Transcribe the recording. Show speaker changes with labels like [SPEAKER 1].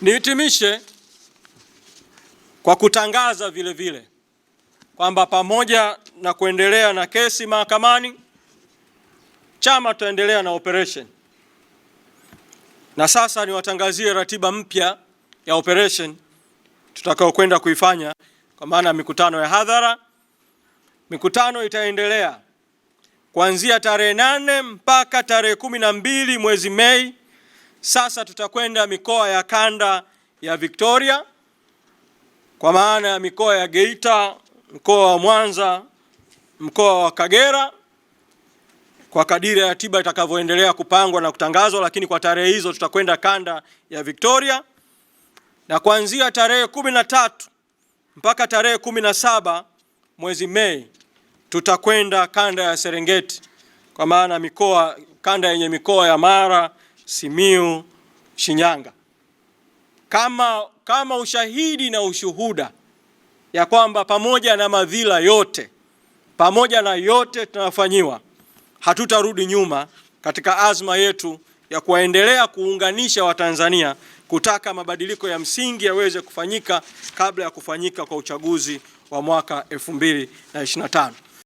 [SPEAKER 1] Nihitimishe kwa kutangaza vile vile kwamba pamoja na kuendelea na kesi mahakamani, chama tutaendelea na operation. Na sasa niwatangazie ratiba mpya ya operation tutakayokwenda kuifanya kwa maana ya mikutano ya hadhara. Mikutano itaendelea kuanzia tarehe nane mpaka tarehe kumi na mbili mwezi Mei sasa tutakwenda mikoa ya kanda ya Victoria, kwa maana ya mikoa ya Geita, mkoa wa Mwanza, mkoa wa Kagera, kwa kadiri ya tiba itakavyoendelea kupangwa na kutangazwa, lakini kwa tarehe hizo tutakwenda kanda ya Victoria, na kuanzia tarehe kumi na tatu mpaka tarehe kumi na saba mwezi Mei tutakwenda kanda ya Serengeti, kwa maana mikoa kanda yenye mikoa ya Mara Simiu, Shinyanga kama, kama ushahidi na ushuhuda ya kwamba pamoja na madhila yote, pamoja na yote tunayofanyiwa, hatutarudi nyuma katika azma yetu ya kuendelea kuunganisha Watanzania kutaka mabadiliko ya msingi yaweze kufanyika kabla ya kufanyika kwa uchaguzi wa mwaka 2025.